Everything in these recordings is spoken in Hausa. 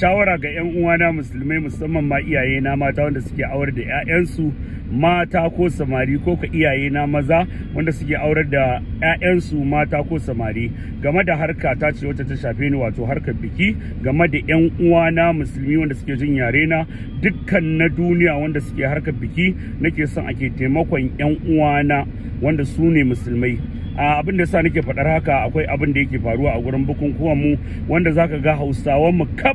shawara ga 'yan uwana musulmai musamman ma iyaye na mata wanda suke aure da 'ya'yansu mata ko samari ko ka iyaye na maza wanda suke aure da 'ya'yansu mata ko samari game da harka ta ce wacce ta shafe ni wato harkar biki game da 'yan uwana musulmi wanda suke jin yare na dukkan na duniya wanda suke harkar biki nake son ake taimakon 'yan uwana wanda su ne musulmai a abin da sa nake faɗar haka akwai abin da yake faruwa a gurin bukunkuwan mu wanda zaka ga hausawan mu kaf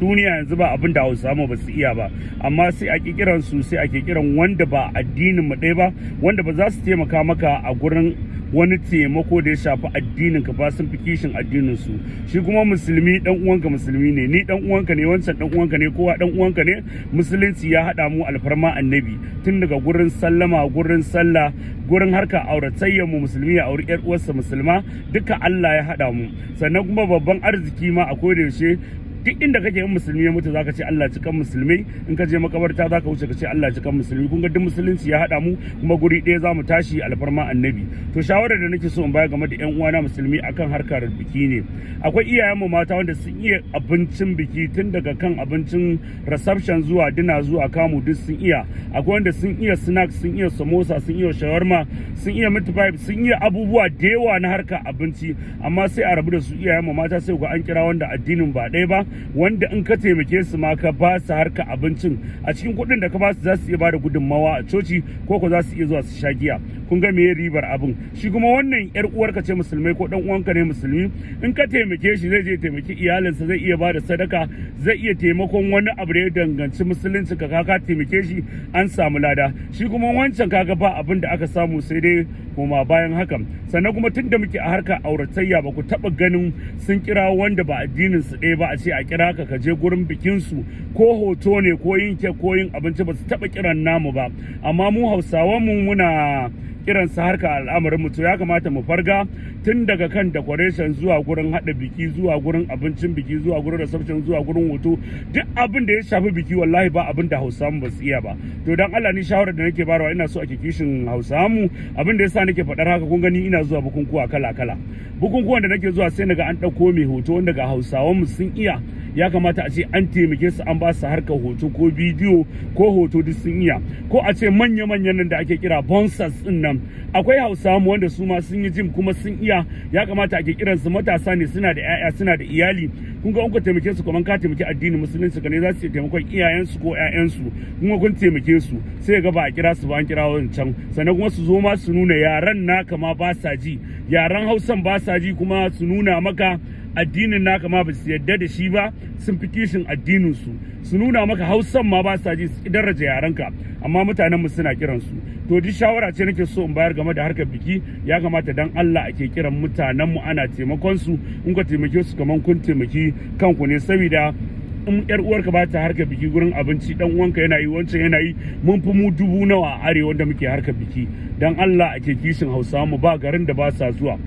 duniya yanzu ba abin da hausa ba su iya ba amma sai a kikiran su sai a kikiran wanda ba addinin mu ɗaya ba wanda ba za su taimaka maka a gurin wani taimako da ya shafi addinin ka ba sun fi kishin addinin su shi kuma musulmi dan uwanka musulmi ne ni dan uwanka ne wancan dan uwanka ne kowa dan uwanka ne musulunci ya hada mu alfarma annabi tun daga gurin sallama gurin sallah gurin harka auratayyar mu musulmi ya auri yar uwarsa musulma duka Allah ya hada mu sannan kuma babban arziki ma a koda yaushe duk inda kake yin musulmi ya mutu zaka ce Allah cikan musulmai in ka je makabarta zaka wuce ka ce Allah cikan musulmi kun ga duk musulunci ya hada mu kuma guri ɗaya mu tashi alfarma annabi to shawarar da nake so in baya game da yan uwana musulmi akan harkar biki ne akwai iyayen mu mata wanda sun iya abincin biki tun daga kan abincin reception zuwa dina zuwa kamu duk sun iya akwai wanda sun iya snack sun iya samosa sun iya shawarma sun iya meat sun iya abubuwa da yawa na harkar abinci amma sai a rabu da su iyayen mu mata sai ga an kira wanda addinin ba ɗaya ba wanda in ka taimake su ma ka ba su harka abincin a cikin kuɗin da ka ba su za su iya ba da gudunmawa a coci ko ko za su iya zuwa su sha giya kun ga meye ribar abin shi kuma wannan yar uwarka ce musulmai ko dan uwanka ne musulmi in ka taimake shi zai je taimaki iyalinsa zai iya bada sadaka zai iya taimakon wani abu da ya danganci musulunci ka kaka taimake shi an samu lada shi kuma wancan kaga ba abin da aka samu sai dai koma bayan haka sannan kuma da muke a harkar auratayya ba ku taba ganin sun kira wanda ba addinin su ɗaya ba a ce a kira ka ka je gurin bikin su ko hoto ne ko yin ke ko yin abinci ba su taba kiran namu ba amma mu hausawan mu muna irin su harka al'amarin mu to ya kamata mu farga tun daga kan decoration zuwa gurin hada biki zuwa gurin abincin biki zuwa gurin reception zuwa gurin hoto duk abin da ya shafi biki wallahi ba abin da Hausa ba su iya ba to dan Allah ni shawara da nake barawa ina so a kikishin mu abin da yasa nake faɗar haka kun gani ina zuwa bukunkuwa kala kala bukunkuwan da nake zuwa sai naga an ɗauko mai hoto wanda ga Hausawan mu sun iya ya kamata a ce an taimake su an ba su harkar hoto ko bidiyo ko hoto duk sun iya ko a ce manya-manyan nan da ake kira bonsas din nan akwai hausa mu wanda su ma sun yi jim kuma sun iya ya kamata ake kiran su matasa ne suna da 'ya'ya suna da iyali kun ga in ku taimake su kuma ka taimaki addinin musulunci ka ne za su taimakon iyayensu ko 'ya'yansu kuma kun taimake su sai ga ba a kira su ba an kira wancan sannan kuma su zo ma su nuna yaran naka ma ba sa ji yaran hausan ba sa ji kuma su nuna maka addinin naka ma ba su yarda da shi ba sun fi kishin addinin su su nuna maka hausan ma ba sa ji su daraja yarenka amma mutanen mu suna kiran su to duk shawara ce nake so in bayar game da harkar biki ya kamata dan Allah ake kiran mutanen mu ana taimakon su in ka taimake su kaman kun taimaki kanku ne saboda in yar uwarka ba ta harkar biki gurin abinci dan uwanka yana yi wancan yana yi mun fi mu dubu nawa a arewa da muke harkar biki dan Allah ake kishin Hausawa mu ba garin da ba sa zuwa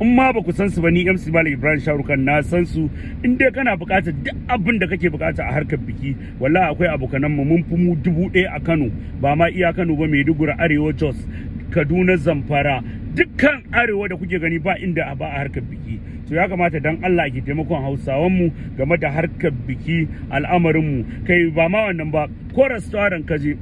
in ma ba ku san su ba ni MC Malik Ibrahim Sharukan na san su in dai kana bukatar duk abin da kake bukata a harkar biki wallahi akwai abokanan mu mun fi mu dubu ɗaya a Kano ba ma iya Kano ba Maiduguri Arewa Jos Kaduna Zamfara dukkan arewa da kuke gani ba inda ba a harkar biki to ya kamata dan Allah ke taimakon Hausawan mu game da harkar biki al'amarin mu kai ba ma wannan ba ko restaurant kaje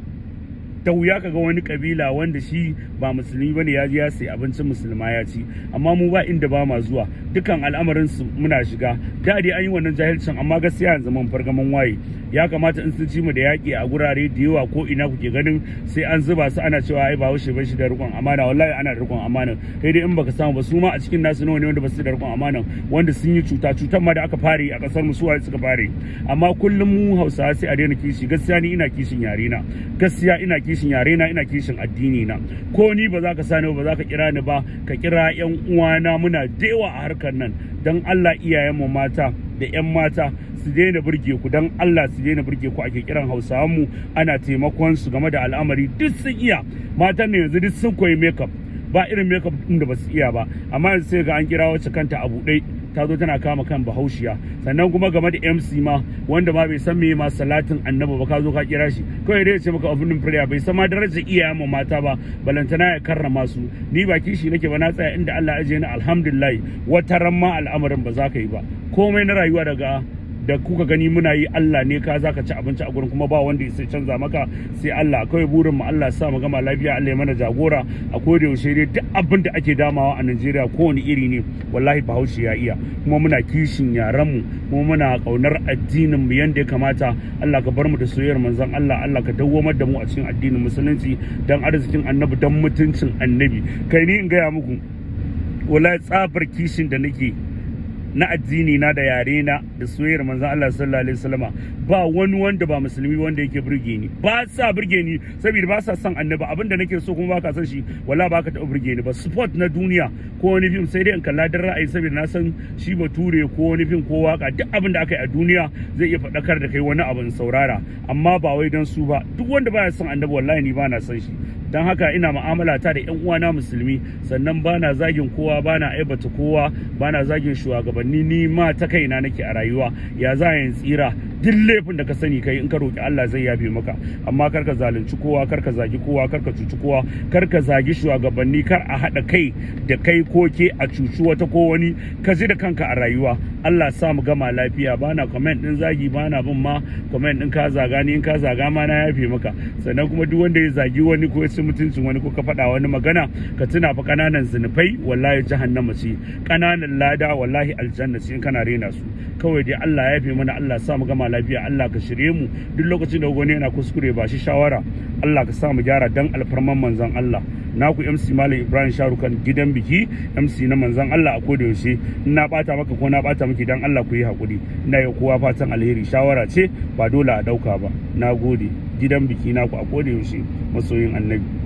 ta wuya kaga wani kabila wanda shi ba musulmi bane ya je ya sai abincin musulma ya ci amma mu ba inda ba ma zuwa dukan al'amarin su muna shiga da dai an yi wannan jahilcin amma gaskiya yanzu mun fargaman waye ya kamata in sun ci mu da yaƙi a gurare da yawa ko ina kuke ganin sai an zuba su ana cewa ai ba wuce ba shi da rikon amana wallahi ana da rikon amana kai dai in baka samu ba su ma a cikin nasu nawa ne wanda ba su da rikon amana wanda sun yi cuta cutar ma da aka fare a kasar mu su suka fare amma kullum mu Hausawa sai a daina kishi gaskiya ni ina kishin yare na gaskiya ina kishin yare na ina kishin addini na ko ni ba za ka sani ba za ka kira ni ba ka kira yan uwana muna dewa a harkar nan dan Allah iyayen mu mata da 'yan mata su daina burge ku don Allah su daina burge ku a kiran hausawan mu ana taimakon su game da al'amari duk sun iya matan ne yanzu duk sun koyi makeup ba irin makeup din da basu iya ba amma yanzu sai ga an kira wacce kanta a buɗe ta zo tana kama kan bahaushiya sannan kuma game da MC ma wanda ma bai san me ma salatin annabi ba ka zo ka kira shi kawai dai ce maka opening prayer bai san ma darajar iyaye mu mata ba balantana ya karrama su ni ba kishi nake ba na tsaya inda Allah ya ajiye ni alhamdulillah wata ran ma al'amarin ba za ka yi ba komai na rayuwa daga da kuka gani muna yi Allah ne ka zaka ci abinci a gurin kuma ba wanda ya sai canza maka sai Allah kawai burin mu Allah sa mu gama lafiya Allah ya mana jagora a koda yaushe dai duk abin da ake damawa a Najeriya kowane iri ne wallahi Bahaushe ya iya kuma muna kishin yaran mu kuma muna kaunar addinin mu yanda ya kamata Allah ka bar mu da soyayyar manzon Allah Allah ka dawwamar da mu a cikin addinin musulunci dan arzikin annabi dan mutuncin annabi kai ni in gaya muku wallahi tsabar kishin da nake na addini na da yare na da soyayyar manzon Allah sallallahu alaihi wasallam ba wani wanda ba musulmi wanda yake burge ni ba sa burge ni saboda ba sa son annabi abinda nake so kuma baka san shi wala baka ka taɓa burge ni ba sport na duniya ko wani film sai dai in kalla dan ra'ayi saboda na san shi bature ko wani film ko waka duk abin da aka yi a duniya zai iya faɗakar da kai wani abin saurara amma ba wai dan su ba duk wanda baya son annabi wallahi ni ba na san shi don haka ina mu'amala ta da yan uwana musulmi sannan bana zagin kowa bana aibata kowa bana zagin shugabanni ni ma ta kaina nake a rayuwa ya za yin tsira duk laifin da ka sani kai in ka roki Allah zai yafe maka amma kar ka zalunci kowa kar ka zagi kowa kar ka cuci kowa kar ka zagi shugabanni kar a hada kai da kai ko ke a cuci wata ko wani ka ji da kanka a rayuwa Allah sa mu gama lafiya bana comment din zagi bana bin ma comment din ka zaga ni in ka zaga ma na yafe maka sannan kuma duk wanda ya zagi wani ko ya ci mutuncin wani ko ka faɗa wani magana ka tuna fa kananan zinufai wallahi jahannama ce kananan lada wallahi aljanna ce in kana rena su kawai dai Allah ya yafe mana Allah sa mu gama lafiya lafiya Allah ka shirye mu duk lokacin da wani yana kuskure ba shi shawara Allah ka sa mu gyara dan alfarman manzon Allah Na naku MC Malam Ibrahim Sharukan gidan biki MC na manzon Allah a koda yaushe na bata maka ko na bata miki dan Allah ku yi hakuri ina yi kowa fatan alheri shawara ce ba dole a dauka ba nagode gidan biki naku a koda yaushe masoyin annabi